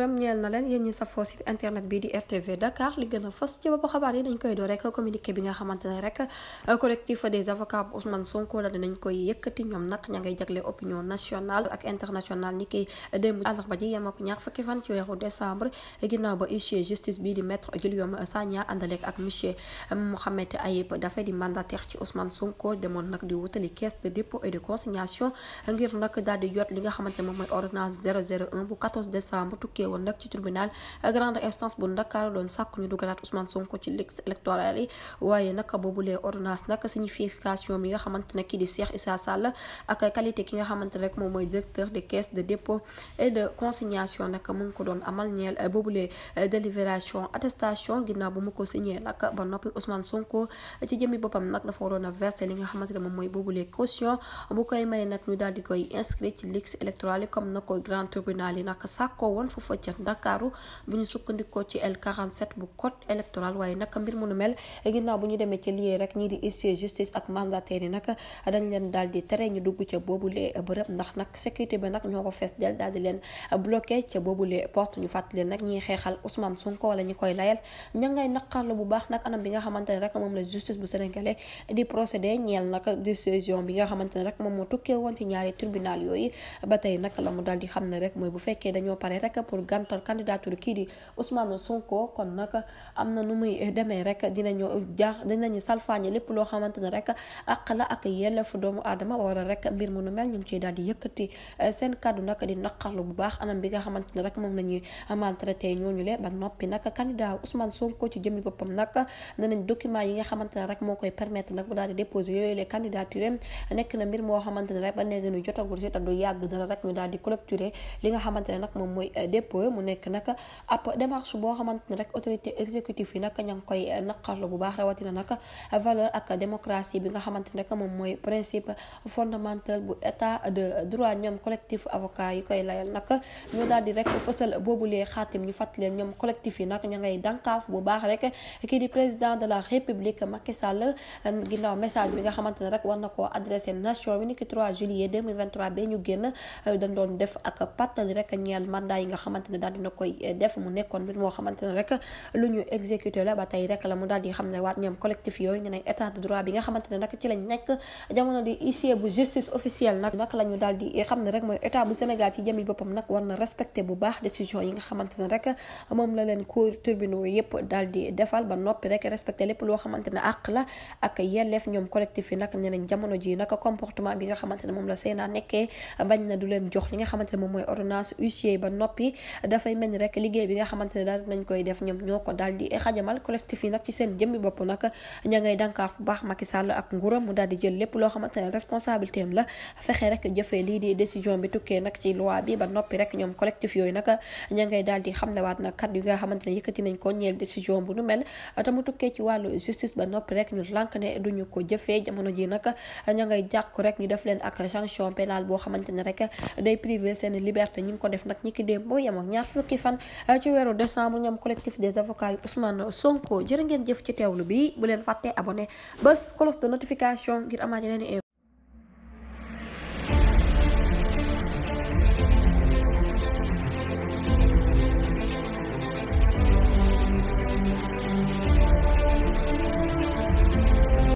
gërëm ñeel na leen yéen ñi safoo site internet bi di RTV Dakar li gën a fës ci bopp xabaar yi dañ koy door rek communiqué bi nga xamante rek collectif des avocats bu Ousmane Sonko la dinañ koy yëkkati ñoom nag ña fukki fan ci weeru décembre ginnaaw ba huissier justice bii di maître Guillaume Sagna àndaleek ak monsieur Mohamed Ayib Daffé di mandataire ci Ousmane Sonko demoon nag di wutali caisse de dépôt et de consignation ngir nag daal di jot li nga xamante ne woon nag ci tribunal grande instance bu Ndakaaru doon sàkku ñu dugalaat Ousmane Sonko ci liste électorale yi waaye nag boobulee ordonnance nag signification bi nga xamante ne kii ko doon amal ñeel boobulee délibération attestation ginnaaw bu mu ko signé nag ba noppi Ousmane Sonko ci jëmmi boppam nag dafa waroon a verser li nga xamante ne moom mooy boobulee caution bu koy may nag ñu daal di koy inscrit ci liste électorale yi comme na grand tribunal yi nag ca Ndakaaru bu ñu sukkandikoo ci L47 bu code électoral waaye nag mbir mu mel ginnaaw bu ñu demee ci liyee rek ñii di huissier ak mandataire yi dañ leen daal di tere ñu dugg ca boobulee bërëb ndax nag sécurité bi nag ñoo xeexal Ousmane Sonko wala ñi koy layal ña ngay naqarlu bu baax nag anam bi nga xamante rek moom la justice bu sénégalais di procédé ñeel nag décision bi nga xamante rek moom moo tukkee woon ci ñaari tribunal yooyu gàntal candidature kii di Ousmane Sonko kon nag am na nu muy demee rek dinañu jaax dinañu loo xamante ne rek àq la ak yelleefu doomu aadama wala rek mbir mu ñu ngi di yëkkati eh, seen kàddu nag bi nga xamante ne rek moom la ñuy maltraité ñooñu le ba noppi nag candidat Ousmane Sonko ci jëmmi boppam nag yi nga xamante ne rek moo koy permettre nag bu daal di déposer yooyu les candidatures nekk na mbir moom mooy eh, dépôt secoué mu nekk nag ab démarche boo xamante ne rek autorité exécutive yi nag ña ngi koy naqarlu bu baax rawatina nag valeur ak démocratie bi nga xamante rek moom mooy principe fondamental bu état de droit ñoom collectif avocat yi koy layal nag ñu daal di rek fësal boobulee xaatim ñu fàttali ñoom collectif yi nag ñu ngay bu baax rek kii di président de la république Macky Sall message bi nga xamante rek war na koo adressé nation bi xamante ne daal dina koy eh, def mu nekkoon mbir moo xamante ne rek lu ñu exécuté la ba tey rek la mu daal di xam ne waat ñoom collectif yooyu ne nañ état de droit bi nga ne nag ci lañ nekk jamono di huissier bu justice officielle nag nag la ñu daal di xam ne rek mooy état bu Sénégal ci jëmi boppam nag war na respecté bu baax décision yi nga xamante ne rek moom la leen cour tribunaux yëpp daal di defal ba noppi rek respecté lépp loo xamante ne àq la ak yelleef ñoom collectif yi nag ne nañ jamono ji nag comportement bi nga xamante ne moom la seenaa nekkee bañ na du leen jox li nga xamante ne moom mooy ordonnance huissier ba noppi dafay mel ni rek liggéey bi nga xamante ne daal nañ koy def ñoom ñoo ko daal di xajamal collectif yi nag ci seen jëmmi bopp nag ña ngay dankaaf bu baax Macky Sall ak nguuram mu daal di jël lépp loo xamante ne responsabilité la fexe rek jëfee lii di décision bi tukkee nag ci loi bi ba noppi rek ñoom collectif yooyu nag ña ngay daal di xamlewaat nag kat yi nga xamante ne yëkkati nañ ko ñeel décision bu nu mel te mu tukkee ci wàllu justice ba noppi rek ñu lànk ne duñu ko jëfee jamono ji nag ña ngay jàkk rek ñu def leen ak sanction pénale boo xamante ne rek day privé seen liberté ñu ngi ko def nag ñi ki démb yam ñaar fukki fan eh, ci weeru décembre ñoom collectif des avocats yu Ousmane Sonko jërë ngeen jëf ci teewlu bi bu leen fàttee abonné bés cloche de notification ngir amaat yeneen